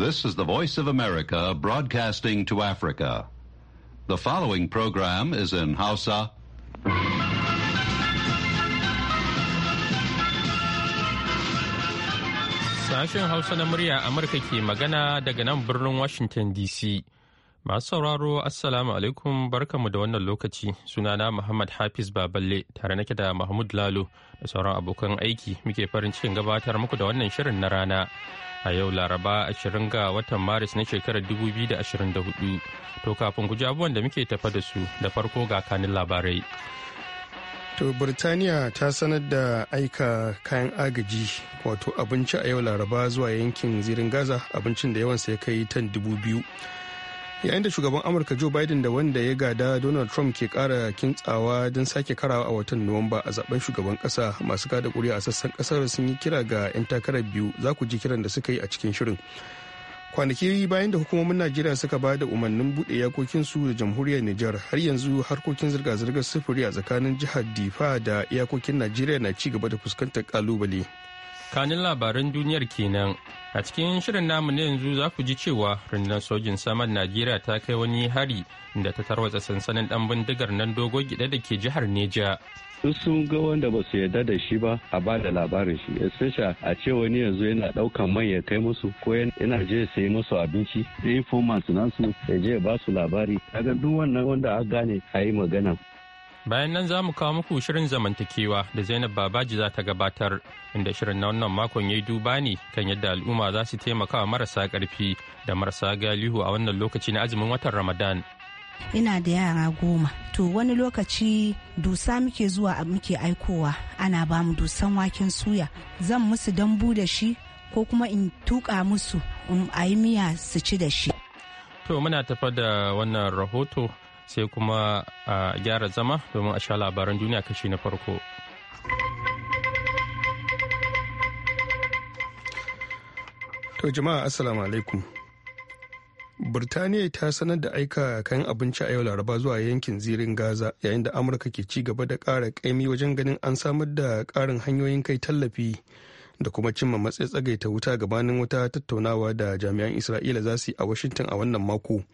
This is the Voice of America broadcasting to Africa. The following program is in Hausa. Sashen Hausa na murya Amurka ke magana daga nan birnin Washington DC. Masu sauraro Assalamu alaikum barkamu da wannan lokaci sunana Muhammad Hafiz Baballe tare nake da Mahmud Lalo da sauran abokan aiki muke farin cikin gabatar muku da wannan shirin na rana. a yau laraba 20 ga watan maris na shekarar 2024 to kafin guji abubuwan da muke tafa da su da farko ga kanin labarai to burtaniya ta sanar da aika kayan agaji wato abinci a yau laraba zuwa yankin zirin gaza abincin da yawansa ya kai tan dubu biyu yayin da shugaban amurka joe biden da wanda ya gada donald trump ke kara kintsawa don sake karawa a watan nuwamba a zaben shugaban kasa masu kada kuri'a a sassan kasar sun yi kira ga 'yan takarar biyu za ku ji kiran da suka yi a cikin shirin kwanaki bayan da hukumomin najeriya suka ba da umarnin buɗe iyakokinsu da jamhuriyar nijar har yanzu harkokin zirga-zirgar sufuri a tsakanin jihar difa da iyakokin najeriya na ci gaba da fuskantar kalubale kanin labaran duniyar kenan a cikin shirin namu na yanzu za ku ji cewa rundunar sojin saman najeriya ta kai wani hari da ta tarwatsa sansanin dan bindigar nan dogo gida da ke jihar neja duk sun ga wanda ba su yarda da shi ba a ba da labarin shi especially a ce wani yanzu yana daukan mai ya kai musu ko yana je sai musu abinci da informants nasu ya je ba su labari daga duk wannan wanda a gane a yi magana Bayan nan za mu kawo muku shirin zamantakewa da Zainab Babaji za ta gabatar, inda shirin na wannan makon ya yi duba ne kan yadda al'umma za su taimaka wa marasa karfi da marasa galihu a wannan lokaci na azumin watan Ramadan. Ina da yara goma, to wani lokaci dusa muke zuwa muke aikowa ana ba mu dusan waken suya, zan musu dambu da shi ko kuma in tuƙa musu in um, a miya su ci da shi. To muna tafa da wannan rahoto sai kuma a gyara zama domin a sha labaran duniya kashi na farko. To jama'a assalamu alaikum. Birtaniya ta sanar da aika kayan abinci a yau laraba zuwa yankin zirin Gaza yayin da Amurka ke ci gaba da ƙara ƙaimi wajen ganin an samar da ƙarin hanyoyin kai tallafi da kuma cimma matsayi tsagaita wuta gabanin wata tattaunawa da jami'an Isra'ila za su yi a Washington a wannan mako.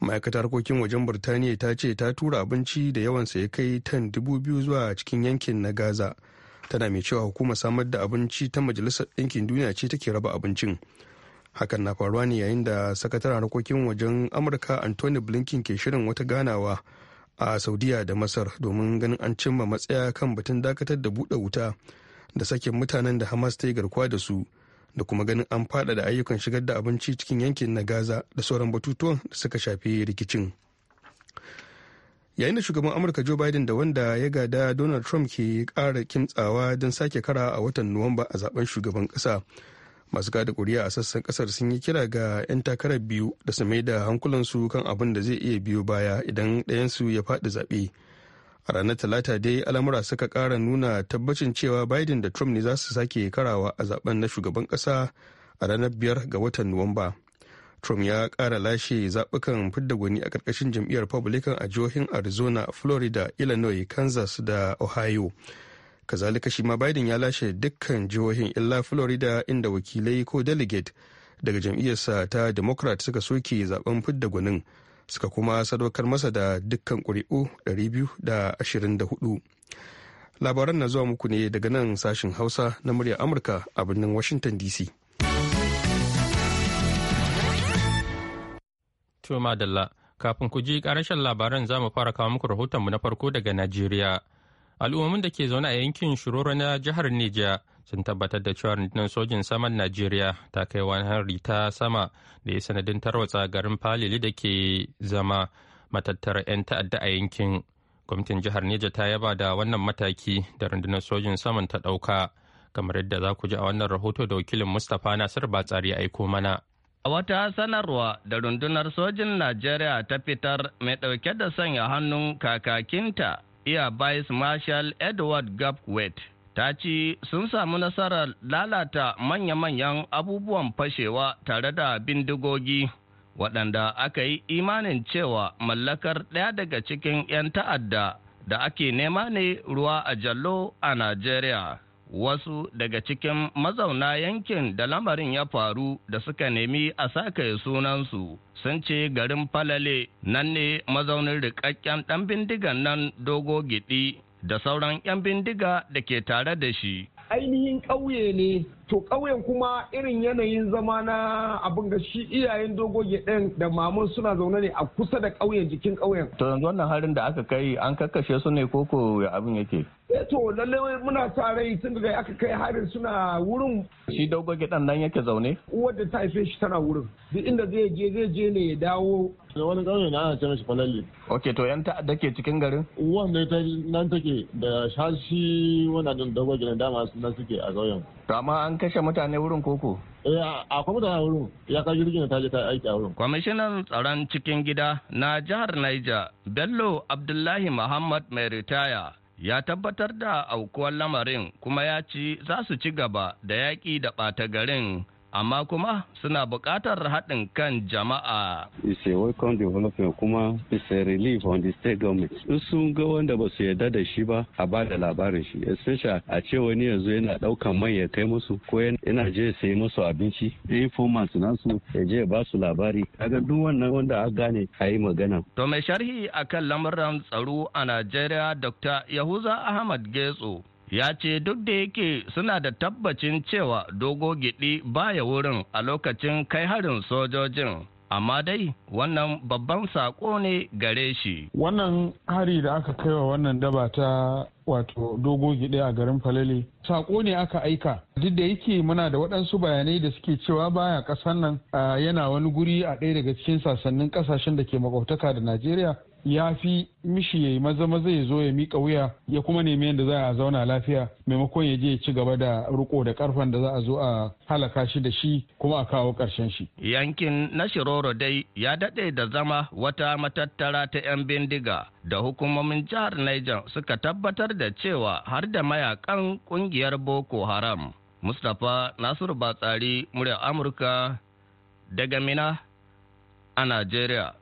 ma'aikatar harkokin wajen burtaniya ta ce ta tura abinci da yawansa ya kai tan dubu biyu zuwa cikin yankin na gaza tana mai cewa hukumar samar da abinci ta majalisar ɗinkin duniya ce take raba abincin hakan na faruwa ne yayin da sakataren harkokin wajen amurka anthony blinken ke shirin wata ganawa a saudiya da masar domin ganin an cimma matsaya kan batun dakatar da buɗe wuta da sakin mutanen da hamas ta yi garkuwa da su da kuma ganin an faɗaɗa ayyukan shigar da abinci cikin yankin na gaza da sauran batutuwan da suka shafi rikicin yayin da shugaban amurka joe biden da wanda ya gada donald trump ke kara kimtsawa don sake kara a watan nuwamba a zaben shugaban kasa masu kada kuri'a a sassan kasar sun yi kira ga 'yan takarar biyu da su mai da hankulansu kan abin da zai iya biyo baya idan ɗayansu ya faɗi zaɓe a ranar talata dai al'amura suka kara nuna tabbacin cewa biden da trump ne za su sake karawa a zaben na shugaban kasa a ranar biyar ga watan nuwamba trump ya kara lashe zaɓukan fidda gwani a ƙarƙashin jam'iyyar republican a jihohin arizona florida illinois kansas da ohio kazalika shi ma biden ya lashe dukkan jihohin illa florida inda wakilai ko delegate daga jam'iyyarsa ta democrat suka soke zaben fidda gwanin suka kuma sadaukar masa da dukkan ƙuri'u 224 labaran na zuwa muku ne daga nan sashin hausa na murya amurka a birnin washington dc Tuma kafin ku ji karashen labaran za mu fara kawo muku rahotonmu na farko daga Najeriya. Al'ummomin da ke zaune a yankin Shiroro na jihar nijiya. sun tabbatar da cewa rundunar sojin saman najeriya ta kai wani hari ta sama da ya sanadin tarwatsa garin falili da ke zama matattara 'yan ta'adda a yankin gwamnatin jihar neja ta yaba da wannan mataki da rundunar sojin saman ta ɗauka kamar yadda za ku ji a wannan rahoto da wakilin mustapha nasir batsari aiko mana A wata sanarwa da rundunar sojin Najeriya ta fitar mai ɗauke da sanya hannun kakakinta iya Vice Marshal Edward Gapwet ta ce sun samu nasarar lalata manya-manyan abubuwan fashewa tare da bindigogi waɗanda aka yi imanin cewa mallakar ɗaya daga cikin 'yan ta'adda da ake nema ne ruwa a jallo a Najeriya. Wasu daga cikin mazauna yankin da lamarin ya faru da suka nemi a sakaye sunansu sun ce garin falale nan ne mazaunin rikakken ɗan bindigan nan dogo gidi da sauran 'yan bindiga da ke tare da shi. Ainihin ƙauye ne, to ƙauyen kuma irin yanayin zama na abin ga shi iyayen dogoge ɗin da mamun suna zaune ne a kusa da ƙauyen jikin ƙauyen. To yanzu wannan harin da aka kai an kakkashe su ne koko ya abin yake? Eh, to lallai muna sa rai tun daga aka kai harin suna wurin shi dogo gidan nan yake zaune uwar da ta haife shi tana wurin duk inda zai je zai je ne ya dawo da wani ƙauye na ana cewa shi falalle ok to yan ta'adda ke cikin garin uwar ne ta nan take da shashi wannan din dogo gidan dama suna suke a ƙauyen to amma an kashe mutane wurin koko eh, akwai mutane wurin ya kai jirgin ta je ta aiki a wurin kwamishinan tsaron cikin gida na jihar Niger Bello Abdullahi Muhammad mai ritaya ya tabbatar da aukuwar lamarin kuma ya ci za su ci gaba da yaƙi da ɓata garin amma kuma suna buƙatar haɗin kan jama'a. It's a welcome development kuma it's a relief on the state government. In sun ga wanda ba su yarda da shi ba a ba da labarin shi. Especially a ce wani yanzu yana ɗaukan mai ya kai musu ko yana je sai musu abinci. Informants su ya je ba su labari. Kaga duk wannan wanda a gane a yi magana. To mai sharhi akan lamuran tsaro a Najeriya Dr. Yahuza Ahmad Getso ya ce duk da yake suna da tabbacin cewa dogo gidi baya wurin a lokacin kai harin sojojin amma dai wannan babban saƙo ne gare shi wannan hari da aka kai wa wannan daba ta wato dogo gidi a garin falale saƙo ne aka aika duk da yake muna da waɗansu bayanai da suke cewa baya ƙasar nan yana wani guri a ɗaya daga cikin sassanin ƙasashen da ke makwabtaka da najeriya ya fi mishi ya yi maza maza ya zo ya mika wuya ya kuma nemi yadda za a zauna lafiya maimakon ya je ya ci gaba da riko da karfan da za a zo a halaka shi da shi kuma a kawo ƙarshen shi. Yankin na Shiroro dai ya daɗe da zama wata matattara ta 'yan bindiga da hukumomin jihar Niger suka tabbatar da cewa har da mayakan ƙungiyar Boko Haram. Mustapha Nasiru Batsari, murya Amurka daga Mina a Najeriya.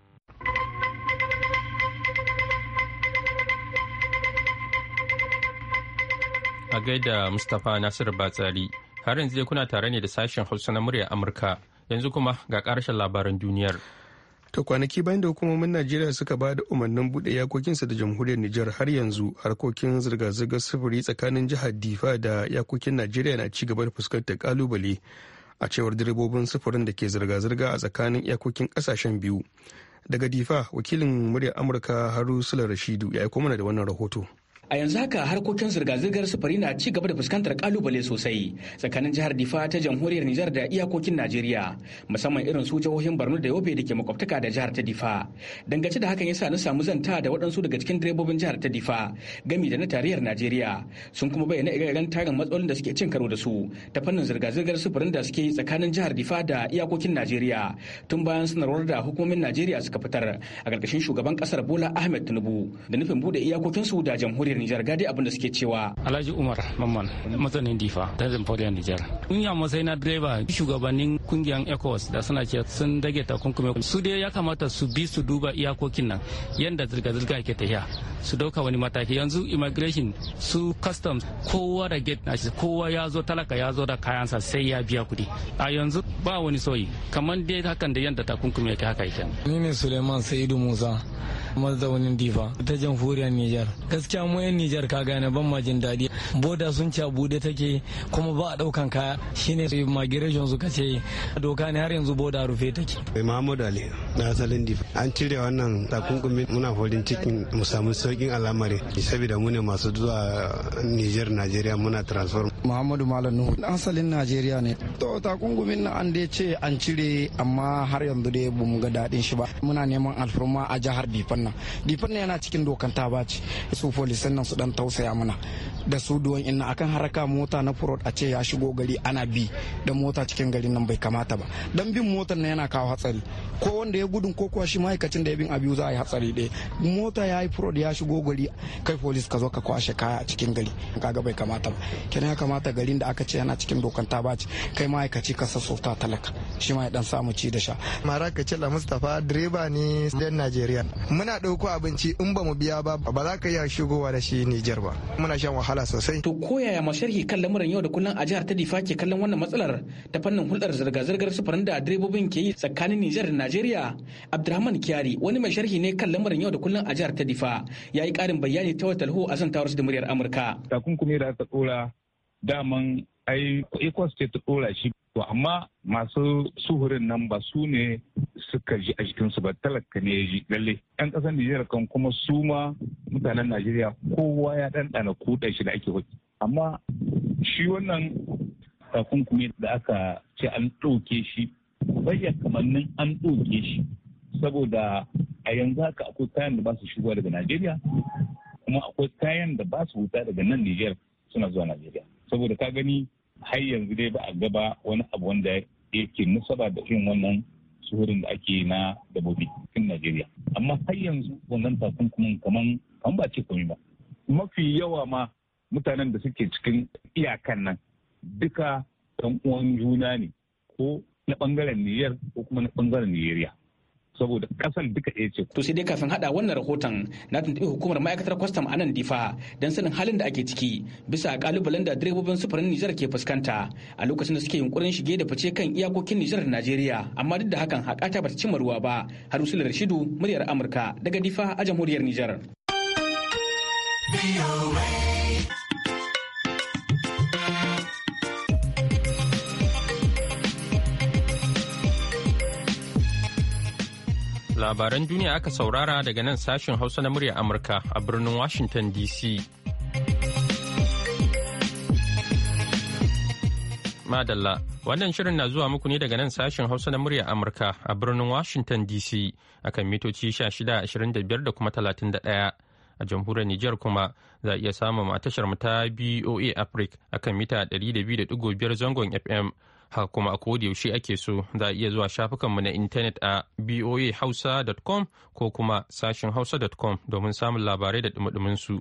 A gaida Mustapha Nasiru Batsari, har yanzu dai kuna tare ne da sashen Hausa na murya Amurka. Yanzu kuma ga ƙarshen labaran duniyar. ta kwanaki bayan da hukumomin najeriya suka ba da umarnin buɗe yakokinsa da jamhuriyar nijar har yanzu harkokin zirga-zirgar sufuri tsakanin jihar difa da yakokin najeriya na ci gaba da fuskantar kalubale a cewar direbobin sufurin da ke zirga-zirga a tsakanin yakokin kasashen biyu daga difa wakilin muryar amurka haru sula rashidu ya yi kuma da wannan rahoto a yanzu haka harkokin zirga-zirgar sufuri na ci gaba da fuskantar kalubale sosai tsakanin jihar difa ta jamhuriyar nijar da iyakokin najeriya musamman irin su jihohin barno da yobe da ke makwabtaka da jihar ta difa dangace da hakan yasa na samu zanta da waɗansu daga cikin direbobin jihar ta difa gami da na tarayyar najeriya sun kuma bayyana ire-iren tarin matsalolin da suke cin karo da su ta fannin zirga-zirgar sufurin da suke tsakanin jihar difa da iyakokin najeriya tun bayan sanarwar da hukumomin najeriya suka fitar a ƙarƙashin shugaban ƙasar bola ahmed tinubu da nufin buɗe iyakokinsu da jamhuriyar Nijar gadi abin da suke cewa. Alhaji Umar Mamman masanin Difa ta Zamfara Nijar. In ya matsayi na direba shugabannin kungiyar ECOWAS da suna ce sun dage takunkumi su dai ya kamata su bi su duba iyakokin nan yadda zirga-zirga ke tafiya. su dauka wani mataki yanzu immigration su customs kowa da gate na kowa ya zo talaka ya zo da kayansa sai ya biya kuɗi a yanzu ba wani soyi kamar dai hakan da yadda takunkumi yake haka yake ni ne suleiman sa'idu musa mazaunin difa ta jamhuriyar niger gaskiya mu yan niger ka gane ban majin daɗi boda sun ci bude take kuma ba a ɗaukan kaya shine immigration su ce doka ne har yanzu boda rufe take muhammadu ali na asalin difa an cire wannan takunkumi muna farin cikin mu samu sauƙin al'amari saboda mu ne masu zuwa Niger Nigeria muna transfer Muhammadu Malam Nuhu asalin Najeriya ne to takungumin na an dai ce an cire amma har yanzu dai bamu ga dadin shi ba muna neman alfarma a jihar Bifanna Bifanna yana cikin dokan ta baci su polisan nan su dan tausaya mana da su duwan inna akan haraka mota na furod a ce ya shigo gari ana bi da mota cikin garin nan bai kamata ba dan bin motar na yana kawo hatsari ko wanda ya gudun ko kuwa shi ma'aikacin da ya bin abiyu za a yi hatsari ɗaya mota ya yi furod ya shigo gari kai polis ka zo ka kwashe kaya cikin gari kaga bai kamata ba kenan ya kamata garin da aka ce yana cikin dokan ta baci kai ma'aikaci ka sassauta talaka shi ma ya dan samu ci da sha mara ka ce la mustapha direba ne dan najeriya muna dauko abinci in ba mu biya ba ba za ka iya shigowa da shi nijar ba muna shan wahala sosai to koyaya ma sharhi kan lamuran yau da kullun a jihar ta difa ke kallon wannan matsalar ta fannin hulɗar zirga-zirgar sufurin da direbobin ke yi tsakanin nijar da najeriya abdurrahman kyari wani mai sharhi ne kan lamuran yau da kullun a jihar ta difa ya yi ƙarin bayani ta wata a tawar da muryar Amurka. Takunkumi da aka ɗora daman ai ECOWAS ce ta ɗora shi to amma masu suhurin nan ba su ne suka ji a su ba talaka ne ya ji lalle yan ƙasar Nijar kan kuma su ma mutanen Najeriya kowa ya ɗanɗana kuɗa shi da ake hoki amma shi wannan takunkumi da aka ce an ɗauke shi bayyan kamannin an ɗauke shi saboda a yanzu haka akwai kayan da ba su shigowa daga najeriya kuma akwai kayan da ba su wuta daga nan niger suna zuwa najeriya saboda ka gani har yanzu dai ba a gaba wani abu wanda yake nasaba da irin wannan suhurin da ake na dabobi cikin Najeriya. Amma har yanzu wannan takunkumin kaman kan ba ce komai ba. Mafi yawa ma mutanen da suke cikin iyakan nan duka ɗan uwan juna ne ko na ɓangaren Niger ko kuma na ɓangaren Nijeriya. saboda kasar duka ɗaya ce. To sai dai kafin hada wannan rahoton na tuntuɓi hukumar ma'aikatar kwastam a nan difa don sanin halin da ake ciki bisa kalubalen da direbobin sufurin Nijar ke fuskanta a lokacin da suke yunkurin shige da fice kan iyakokin Nijar da Najeriya amma duk da hakan hakata bata cimma ruwa ba har usul Rashidu muryar Amurka daga difa a jamhuriyar Nijar. Labaran duniya aka saurara daga nan sashen Hausa na murya Amurka a birnin Washington DC. Madalla, wannan shirin na zuwa muku ne daga nan sashen Hausa na murya Amurka a birnin Washington DC akan mitoci 1625 da kuma 31. A jamhuriyar Nijar kuma za a iya samun a tashar ta BOA Africa akan mita 200.5 zangon FM. haka kuma a yaushe ake so za a iya zuwa shafukanmu na intanet a boahausa.com ko kuma sashin hausa.com domin samun labarai da dumudumin su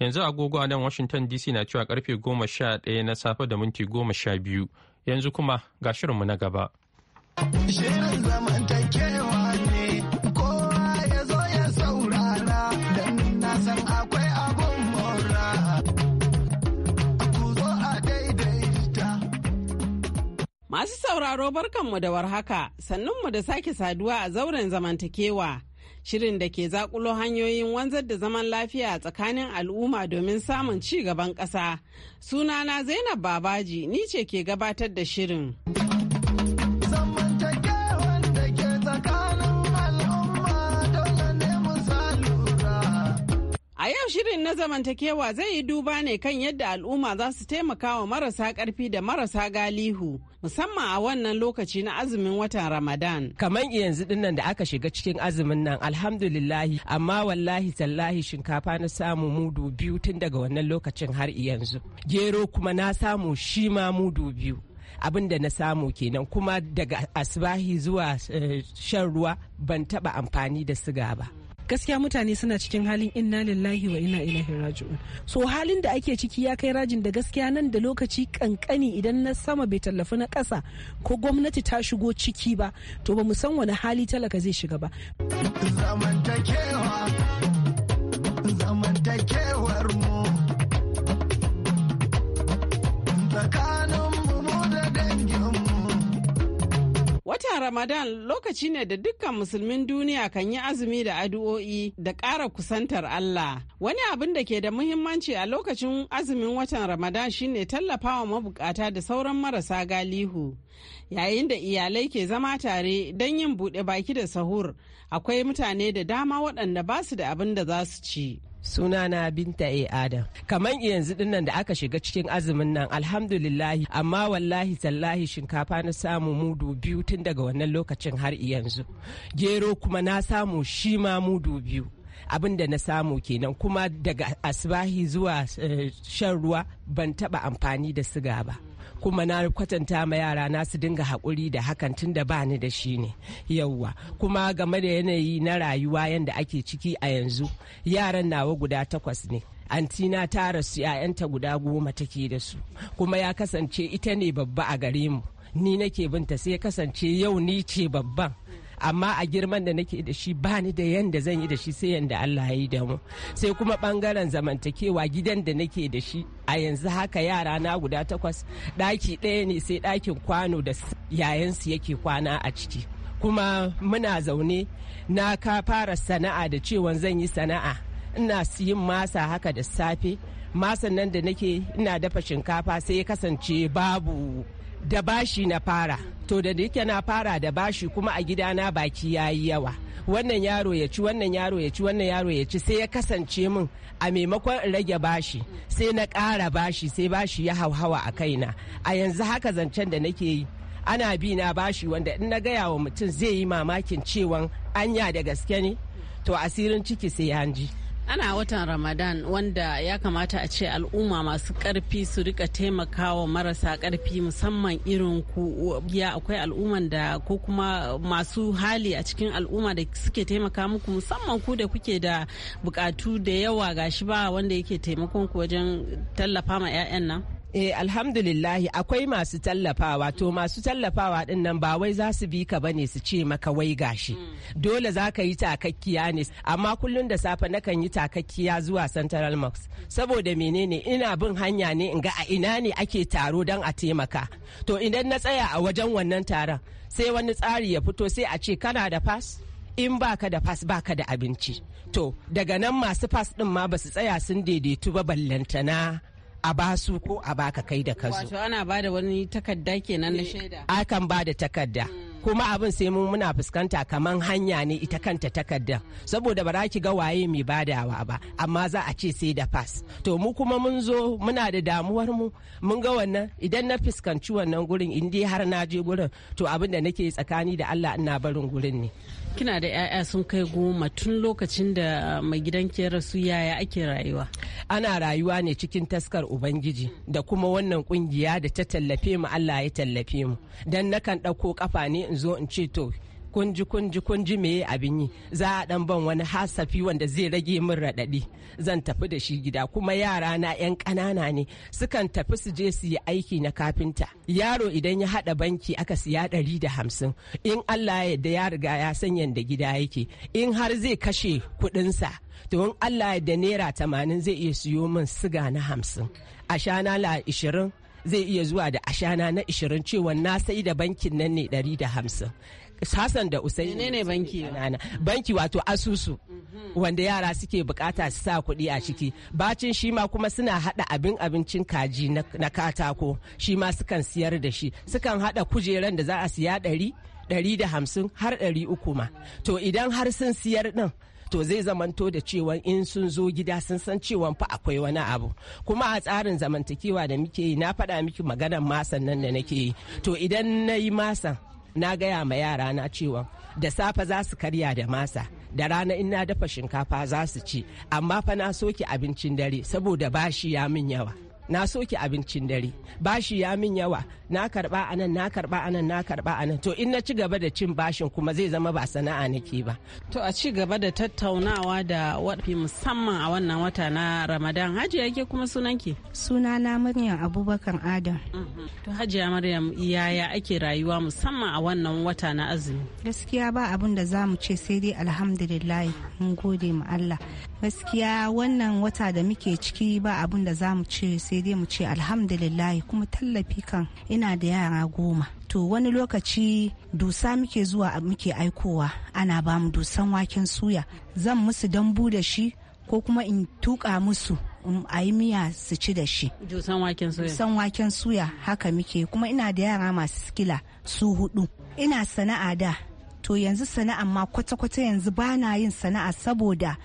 yanzu agogo a nan washington dc na cewa karfe 11 na safe da minti 12 yanzu kuma ga shirinmu na gaba shirin takewa Masu sauraro barkanmu da warhaka, sannunmu da sake saduwa a zauren zamantakewa. Shirin da ke zakulo hanyoyin wanzar da zaman lafiya tsakanin al'umma domin samun ci gaban ƙasa. Sunana Zainab Babaji, ni ce ke gabatar da shirin. yau shirin na zamantakewa zai yi duba ne kan yadda al'umma za su taimaka wa marasa karfi da marasa galihu musamman a wannan lokaci na azumin watan Ramadan. Kamar yanzu dinnan da aka shiga cikin azumin nan alhamdulillahi amma wallahi tallahi shinkafa na samu mudu biyu tun daga wannan lokacin har yanzu. Gero kuma na samu shi ma mudu biyu. abin da na samu kenan kuma daga asibahi zuwa eh, shan ruwa ban taba amfani da siga ba gaskiya mutane suna cikin halin inna lillahi wa inna ilaihi raji'un so halin da ake ciki ya kai rajin da gaskiya nan da lokaci kankani idan na sama bai tallafi na ƙasa ko gwamnati ta shigo ciki ba to ba mu san wani hali talaka zai shiga ba zamantakewa Watan Ramadan lokaci ne da dukkan musulmin duniya kan yi azumi da addu'o'i da ƙara kusantar Allah. Wani abin da ke da muhimmanci a lokacin azumin watan Ramadan shine tallafawa mabukata da sauran marasa galihu. Yayin da iyalai ke zama tare don yin buɗe baki da sahur, akwai mutane da dama waɗanda ba su da abin da za su ci. sunana binta a adam kamar yanzu dinnan da aka shiga cikin azumin nan alhamdulillahi amma wallahi tallahi shinkafa na samu mudu biyu tun daga wannan lokacin har yanzu gero kuma na samu shi ma mudu biyu abin da na samu kenan kuma daga asibahi zuwa eh, shan ruwa ban taba amfani da siga ba kuma na kwatanta ma yara na su dinga haƙuri da hakan tun da bani da shi ne yauwa kuma game da yanayi na rayuwa yanda ake ciki a yanzu yaran nawa guda takwas ne antina ta rasu 'ya'yanta guda goma take da su kuma ya kasance ita ne babba a gare mu ni nake binta sai kasance yau ni ce babban amma a girman da nake da shi ba ni da yanda zan yi da shi sai yanda Allah ya yi da mu sai kuma bangaren zamantakewa gidan da nake da shi a yanzu haka yara na guda takwas ɗaki ɗaya ne sai ɗakin kwano da yayansu yake kwana a ciki kuma muna zaune na ka fara sana'a da cewa zan yi sana'a ina yin masa haka da safe masan nan da nake ina dafa shinkafa sai ya kasance babu da bashi na fara to da yake na fara da bashi kuma a gidana baki ya yi yawa wannan yaro ya ci wannan yaro ya ci wannan yaro ya ci sai ya kasance min a maimakon in rage bashi sai na ƙara bashi sai bashi ya hauhawa a kaina a yanzu haka zancen da nake yi ana bi na bashi wanda in na gaya wa mutum zai yi mamakin cewan anya da gaske ne to asirin ciki sai hanji ana watan ramadan wanda ya kamata a ce al'umma masu karfi su rika taimakawa marasa karfi musamman irin ku ya akwai al'umman da ko kuma masu hali a cikin al'umma da suke taimaka muku musamman ku da kuke da bukatu da yawa gashi ba wanda yake taimakon ku wajen tallafa ma 'ya'yan nan Eh alhamdulillahi akwai masu tallafawa to masu tallafawa din nan ba wai za su bi ka bane su ce maka wai gashi mm. dole za ka yi takakkiya ne amma kullun da safe nakan yi takakkiya zuwa Central Max saboda menene ina bin hanya ne in ga a ina ne ake taro don a taimaka to idan na tsaya a wajen wannan taron sai wani tsari ya fito sai a ce kana da pass in baka da fas baka da abinci to daga nan masu fas din ma ba su tsaya sun daidaitu ba ballantana a basu ko a baka kai da kazo Wato ana bada wani takarda kenan na eh, shaida. Akan ba da takarda. Hmm. Kuma abin sai mun muna fuskanta kaman hanya ne ita kanta takarda hmm. saboda ba za ki ga waye mai badawa ba amma za a ce sai da pass to mu kuma mun zo muna da damuwar mu mun ga wannan idan na fuskanci wannan gurin in dai har na je gurin to abin da nake tsakani da Allah ina barin gurin ne. kina da 'ya'ya sun kai goma tun lokacin da mai ki ya rasu yaya ake rayuwa ana rayuwa ne cikin taskar ubangiji da kuma wannan kungiya da ta tallafe mu allah ya tallafe mu dan nakan ɗauko kafa ne in zo in ce to kunji kunji kunji me abin yi za a dan ban wani hasafi wanda zai rage min radadi zan tafi da shi gida kuma yara na yan kanana ne sukan tafi su je su yi aiki na kafinta yaro idan ya hada banki aka siya ɗari da hamsin in Allah ya da ya riga ya san yanda gida yake in har zai kashe kuɗinsa to in Allah ya da naira tamanin zai iya siyo min siga na hamsin ashana la ishirin zai iya zuwa da ashana na ishirin cewa na sai da bankin nan ne ɗari da hamsin Hassan da Usaini ne ne banki banki wato asusu mm-hmm. wanda yara suke bukata su sa kuɗi a ciki mm-hmm. bacin shi ma kuma suna hada abin abincin kaji na katako shi ma sukan siyar da shi sukan hada kujeran da za a siya ɗari ɗari da hamsin har ɗari uku ma to idan har sun siyar ɗin to zai zamanto da cewa in sun zo gida sun san cewa fa akwai wani abu kuma a tsarin zamantakewa da muke yi na faɗa miki maganar masan nan da nake yi to idan nayi yi masan na gaya ma yara na cewa da safe za su karya da masa da rana in na dafa shinkafa za su ci amma fa na soke abincin dare saboda bashi ya min yawa na soke abincin dare bashi ya min yawa na karba anan na karba anan na karba anan to in na ci gaba da cin bashin kuma zai zama ba sana'a nake ba to a ci gaba da tattaunawa da wafi musamman a wannan wata na ramadan hajiya yake kuma sunanki sunana maryam abubakar adam mm-hmm. to hajiya maryam yaya ake rayuwa musamman a wannan wata na azumi gaskiya ba abin da za mu ce sai dai alhamdulillah mun gode ma allah gaskiya wannan wata da muke ciki ba abun da za mu ce sai dai mu ce alhamdulillah kuma tallafi kan ina da yara goma to wani lokaci dusa muke zuwa muke aikowa ana ba mu dusan waken suya zan musu dambu da shi ko kuma in tuka musu a yi miya su ci da shi. Dusan waken suya. Dusan waken suya haka muke kuma ina da yara masu sikila su hudu. Ina sana'a da to yanzu sana'a ma kwata-kwata yanzu ba na yin sana'a saboda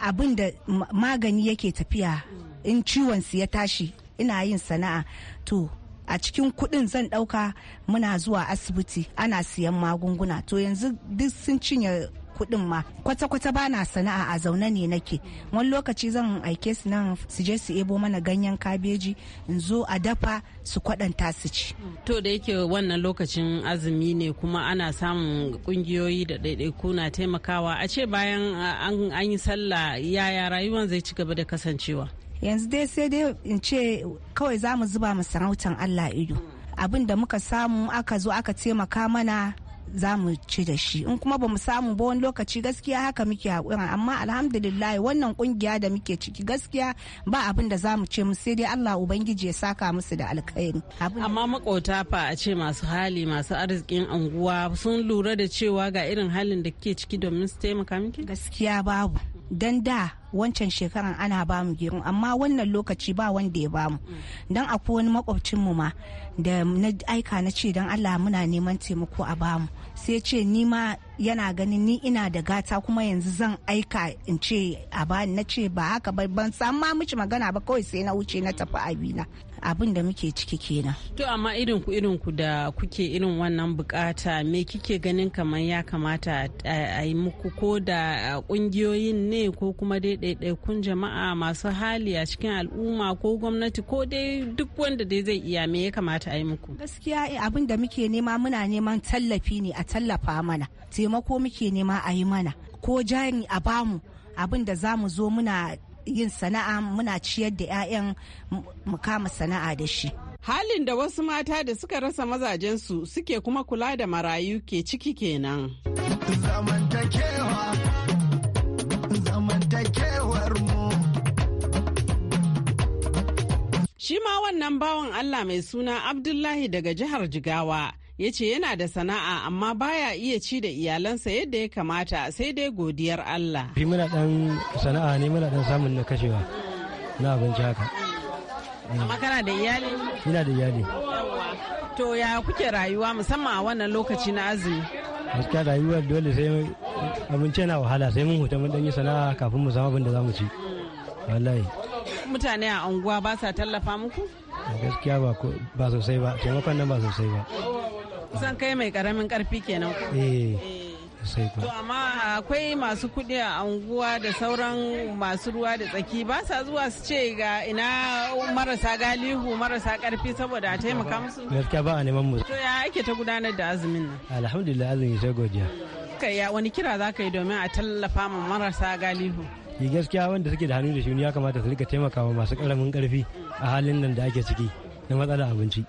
abin da magani yake tafiya in ciwon su ya tashi ina yin sana'a to a cikin kudin zan dauka muna zuwa asibiti ana siyan magunguna to yanzu duk sun cinye kuɗin ma kwata-kwata ba na sana'a a zaune ne nake wani lokaci zan aike su nan su je su ebo mana ganyen kabeji in zo a dafa su kwaɗanta su ci. To da yake wannan lokacin azumi ne kuma ana samun ƙungiyoyi da ɗaiɗaiku na taimakawa a ce bayan an yi sallah yaya rayuwan zai ci gaba da kasancewa. Yanzu dai sai dai in ce kawai zamu zuba mu sarautan Allah ido. Abin da muka samu aka zo aka taimaka mana za mu ci da shi in kuma bamu samu ba wani lokaci gaskiya haka muke haƙura amma alhamdulillah wannan kungiya da muke ciki gaskiya ba abin da za mu ce mu sai dai Allah ubangiji ya saka musu da alkhairi amma makota fa a ce masu hali masu arzikin anguwa sun lura da cewa ga irin halin da kike ciki domin su taimaka miki gaskiya babu dan da wancan shekaran ana bamu gero amma wannan lokaci ba wanda ya bamu don akwai wani makwabcin mu ma da na aika na ce don allah muna neman taimako a bamu sai ce ni ma yana ganin ni ina da gata kuma yanzu zan aika in ce a ba na ce ba haka ba ban san ma miki magana ba kawai sai na wuce na tafi abina abin da muke ciki kenan to amma irin ku irin ku da kuke irin wannan bukata me kike ganin kamar ya kamata a yi muku ko da kungiyoyin ne ko kuma dai ɗaiɗaikun jama'a masu hali a cikin al'umma ko gwamnati ko dai duk wanda dai zai iya me ya kamata a yi muku gaskiya eh, abin da muke nema muna neman tallafi ne a tallafa mana taimako muke nema a yi mana ko jari a bamu abin da za mu zo muna yin sana'a muna ciyar da 'ya'yan mu kama sana'a da shi halin da wasu mata da suka rasa mazajensu suke kuma kula da marayu ke ciki kenan Shi ma wannan bawan Allah mai suna Abdullahi daga jihar Jigawa ya ce yana da sana'a amma baya iya ci da iyalansa yadda ya kamata sai dai godiyar Allah. Fi muna dan sana'a ne muna dan samun na kashewa na abinci haka. Eh. Amma kana da iyali? Ina da iyali. To ya kuke rayuwa musamman a wannan lokaci na azumi? Gaskiya rayuwar dole sai abinci yana wahala sai mun huta mun dan yi sana'a kafin mu samu abin da za mu ci. Wallahi. mutane a unguwa ba sa tallafa muku? gaskiya ba sosai ba taimakon nan ba sosai ba kusan kai mai karamin karfi kenan eh, eh. To amma akwai masu kuɗi a anguwa da sauran masu ruwa da tsaki ba sa zuwa su ce ga ina marasa galihu marasa karfi saboda a taimaka musu. Gaskiya ba a neman musu To ya ake ta gudanar da azumin nan? Alhamdulillah azumi sai godiya. Kai ya wani kira za ka yi domin a tallafa ma marasa galihu? ki eh, gaskiya wanda suke da hannu da shuni ya kamata su rika taimaka wa masu karamin karfi a halin nan da ake ciki na matsalar abinci.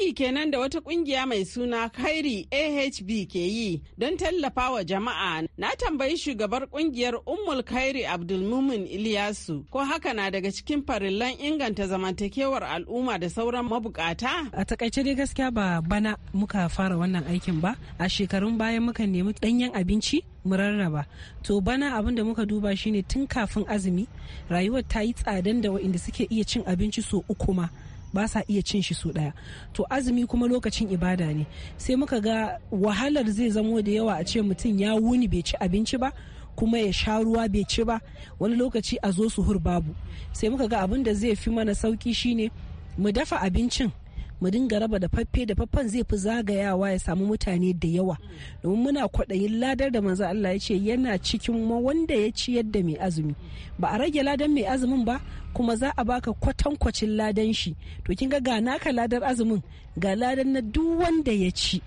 Aiki kenan da wata kungiya mai suna Kairi AHB ke yi don tallafa wa jama'a. Na tambayi shugabar kungiyar Ummul Kairi Abdulmumin Iliyasu ko haka na daga cikin farillan inganta zamantakewar al'umma da sauran mabukata? A takaice dai gaskiya ba bana muka fara wannan aikin ba. A shekarun bayan muka nemi danyen abinci mu rarraba to bana abin da muka duba shine tun kafin azumi rayuwar ta yi tsadan da wa'inda suke iya cin abinci so uku ma ba sa iya cin shi su ɗaya to azumi kuma lokacin ibada ne sai muka ga wahalar zai zamo da yawa a ce mutum ya wuni bai ci abinci ba kuma ya sha ruwa bai ci ba wani lokaci a zo suhur babu sai muka ga abin da zai fi mana sauki shine mu dafa abincin mu dinga raba da faffe da faffan zai fi zagayawa ya samu mutane da yawa domin muna kwaɗayin ladar da manzo Allah ya ce yana cikin wanda ya ciyar da mai azumi ba a rage ladan mai azumin ba kuma za a baka kwatankwacin ladan shi to kin ga ga naka ladar azumin ga ladan na duk wanda ya ci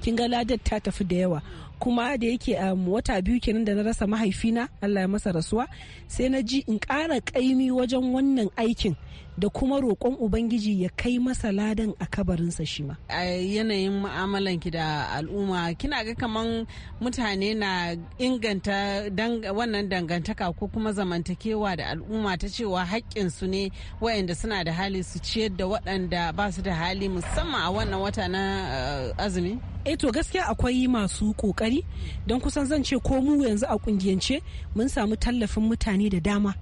kin ga ladar ta tafi da yawa kuma da yake a um, wata biyu kenan da na rasa mahaifina Allah ya masa rasuwa sai na ji in ƙara ƙaimi wajen wannan aikin da kuma roƙon ubangiji ya kai masa ladan a kabarinsa shi ma a yanayin mu'amalanki da al'umma kina ga kaman mutane na inganta wannan dangantaka ko kuma zamantakewa da al'umma ta cewa su ne wayanda suna da hali su ciyar da waɗanda ba su da hali musamman a wannan wata na eh, azumi e to gaskiya akwai masu kokari don kusan zan ce ko mu yanzu a kungiyance mun samu tallafin mutane da dama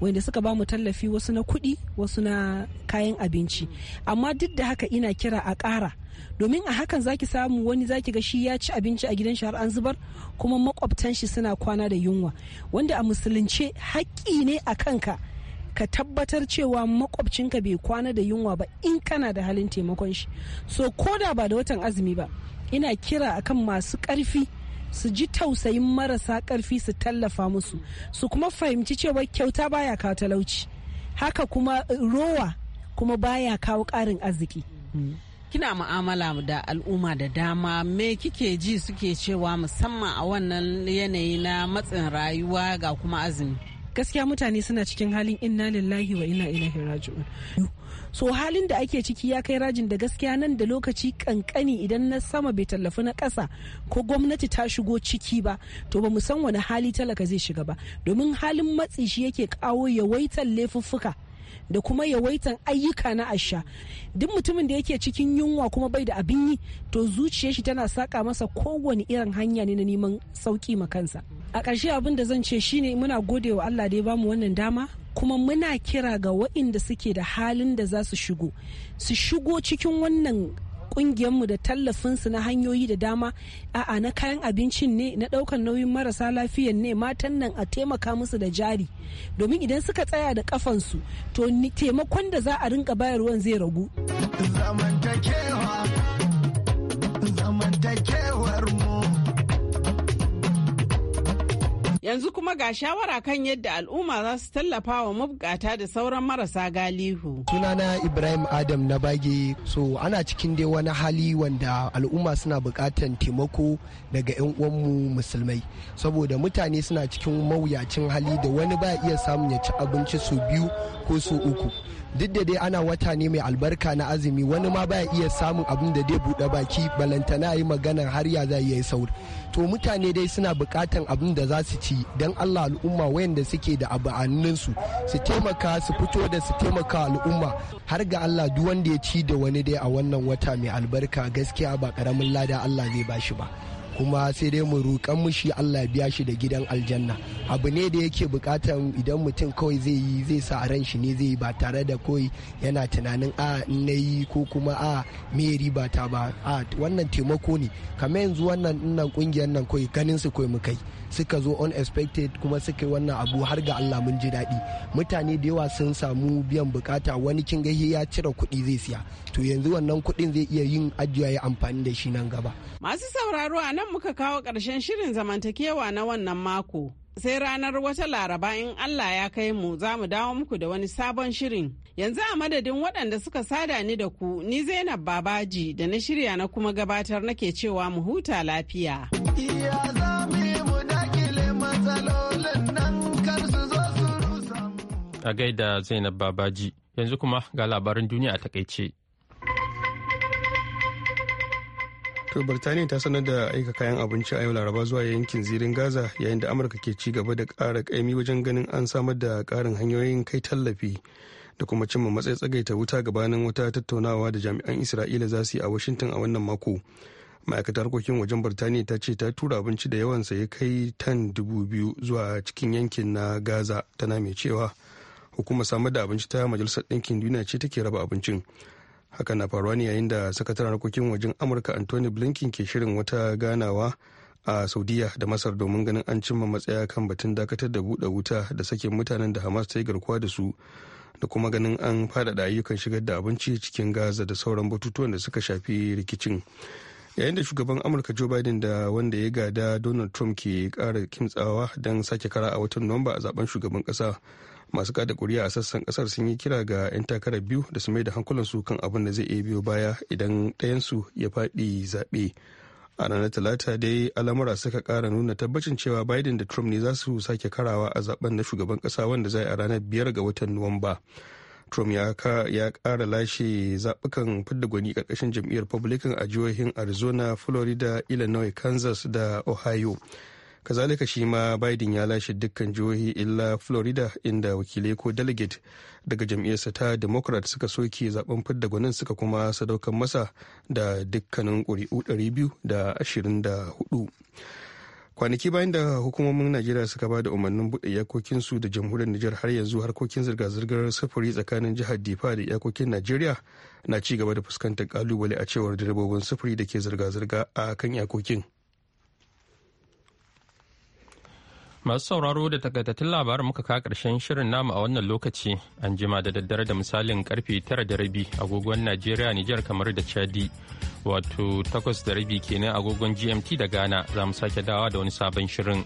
wanda suka ba mu tallafi wasu na kuɗi wasu na kayan abinci amma duk da haka ina kira a ƙara domin a hakan zaki samu wani zaki ga shi ya ci abinci a gidan shi har an zubar kuma makwabtan shi suna kwana da yunwa wanda a musulunce haƙƙi ne a kanka ka tabbatar cewa makwabcinka bai kwana da yunwa ba in kana da halin taimakon shi so ko da ba da watan azumi ba ina kira akan masu ƙarfi su ji tausayin marasa karfi su tallafa musu su kuma fahimci cewa kyauta baya kawo talauci haka kuma eh, rowa kuma baya kawo karin arziki kina ma'amala da al'umma da dama me kike ji suke cewa musamman a wannan yanayi na matsin rayuwa ga kuma azumi gaskiya mutane suna cikin halin inna lillahi wa inna ilaihi raji'un so halin da ake ciki ya kai rajin da gaskiya nan da lokaci kankani idan na sama bai tallafi na kasa ko gwamnati ta shigo ciki ba to ba mu san wani hali talaka zai shiga ba domin halin matsi shi yake kawo yawaitan laifuffuka da kuma yawaitan ayyuka na asha duk mutumin da yake cikin yunwa kuma bai da abin yi to zuciya shi tana saka masa kowane irin hanya ne na neman sauki ma kansa a ƙarshe abin da zan ce shine muna gode wa Allah da ya bamu wannan dama kuma muna kira ga waɗanda suke da halin da za su shigo su shigo cikin wannan kungiyarmu da tallafinsu na hanyoyi da dama a'a na kayan abincin ne na daukan nauyin marasa lafiyan ne matan nan a taimaka musu da jari domin idan suka tsaya da kafansu to taimakon da za a rinka bayarwan zai ragu. Yanzu kuma ga shawara kan yadda al'umma za su tallafa wa mabukata da sauran marasa galihu. Sunana Ibrahim Adam na bage so ana cikin dai wani hali wanda al'umma suna bukatan taimako daga 'yan uwanmu musulmai saboda mutane suna cikin mawuyacin hali da wani ba iya samun ya ci abinci su biyu ko su uku. duk da dai ana wata ne mai albarka na azumi wani ma baya iya samun abin da dai buɗe baki balantana yi magana har ya za yi saur to mutane dai suna buƙatan abin da za su ci don allah al'umma wayanda suke da abu a su su taimaka su fito da su taimaka al'umma har ga allah duk wanda ya ci da wani dai a wannan wata mai albarka gaskiya ba karamin lada allah zai shi ba kuma sai dai mu roƙan mu shi Allah biya shi da gidan aljanna abu ne da yake bukatan idan mutum kawai zai yi zai sa ran shi ne zai yi ba tare da koi yana tunanin a na yi ko kuma a me riba ta ba a wannan taimako ne kamar yanzu wannan ina kungiyar nan koi ganin su koi mu kai suka zo unexpected kuma suka yi wannan abu har ga Allah mun ji daɗi mutane da yawa sun samu biyan bukata wani kin ya cire kuɗi zai siya to yanzu wannan kuɗin zai iya yin ajiya ya amfani da shi nan gaba masu sauraro a nan muka kawo ƙarshen shirin zamantakewa na wannan mako sai ranar wata laraba in Allah ya kai mu za mu dawo muku da wani sabon shirin. Yanzu a madadin waɗanda suka sada ni da ku, ni Zainab Babaji da na shirya na kuma gabatar nake cewa mu huta lafiya. a gaida Zainab Babaji. Yanzu kuma ga labarin duniya a takaice. To Birtaniya ta sanar da aika kayan abinci a yau Laraba zuwa yankin zirin Gaza yayin da Amurka ke ci gaba da ƙara ƙaimi wajen ganin an samar da ƙarin hanyoyin kai tallafi da kuma cimma matsayi tsagaita wuta gabanin wata tattaunawa da jami'an Isra'ila za su yi a Washington a wannan mako. ma'aikatar harkokin wajen birtaniya ta ce ta tura abinci da yawansa ya kai tan dubu biyu zuwa cikin yankin na gaza tana mai cewa hukumar samar da abinci ta majalisar ɗinkin duniya ce take raba abincin haka na faruwa ne yayin da sakataren harkokin wajen amurka anthony blinken ke shirin wata ganawa a saudiya da masar domin ganin an cimma matsaya kan batun dakatar da buɗe wuta da sakin mutanen da hamas ta yi garkuwa da su da kuma ganin an faɗaɗa ayyukan shigar da abinci cikin gaza da sauran batutuwan da suka shafi rikicin yayin da shugaban amurka joe biden da wanda ya gada donald trump ke kara kimtsawa don sake kara a watan nuwamba a zaben shugaban kasa masu kada kuri'a a sassan kasar sun yi kira ga 'yan takarar biyu da su mai da hankulansu kan abin da zai iya biyo baya idan ɗayansu ya faɗi zaɓe a ranar talata dai alamura suka kara nuna tabbacin cewa biden da trump ne za su sake karawa a zaben na shugaban kasa wanda zai a ranar biyar ga watan nuwamba trump ya kara lashe zaɓukan fidda gwani ƙarƙashin jam'iyyar republican a jihohin arizona florida illinois kansas da ohio kazalika shi ma biden ya lashe dukkan jihohi illa florida inda wakilai ko delegate daga jam'iyyar ta democrat suka soke zaben fidda gwanin suka kuma sadaukar masa da dukkanin ƙuri'u 224 kwanaki bayan da hukumomin najeriya suka ba da umarnin buɗe iyakokinsu da jamhuriyar nijar har yanzu harkokin zirga-zirgar sufuri tsakanin jihar difa da iyakokin najeriya na ci gaba da fuskantar kalubale a cewar direbobin sufuri da ke zirga-zirga a kan iyakokin masu sauraro da takaitattun labarin muka kawo karshen shirin namu a wannan lokaci an jima da daddare da misalin karfe tara da rabi agogon najeriya nijar kamar da chadi wato takwas da rabi kenan agogon gmt da ghana za mu sake dawa da wani sabon shirin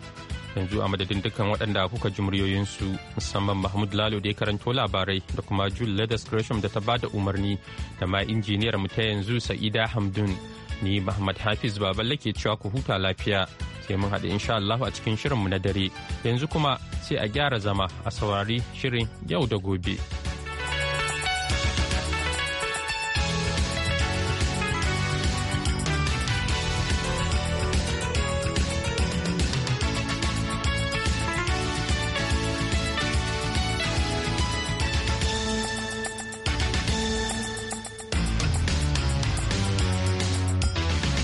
yanzu a madadin dukkan waɗanda kuka ji muryoyinsu musamman mahmud lalo da ya karanto labarai da kuma jul ladas gresham da ta bada umarni da ma injiniyar mu ta yanzu sa'ida hamdun ni mahmad hafiz baballe ke cewa ku huta lafiya sai mun haɗu insha allahu a cikin shirin mu na dare yanzu kuma sai a gyara zama a saurari shirin yau da gobe.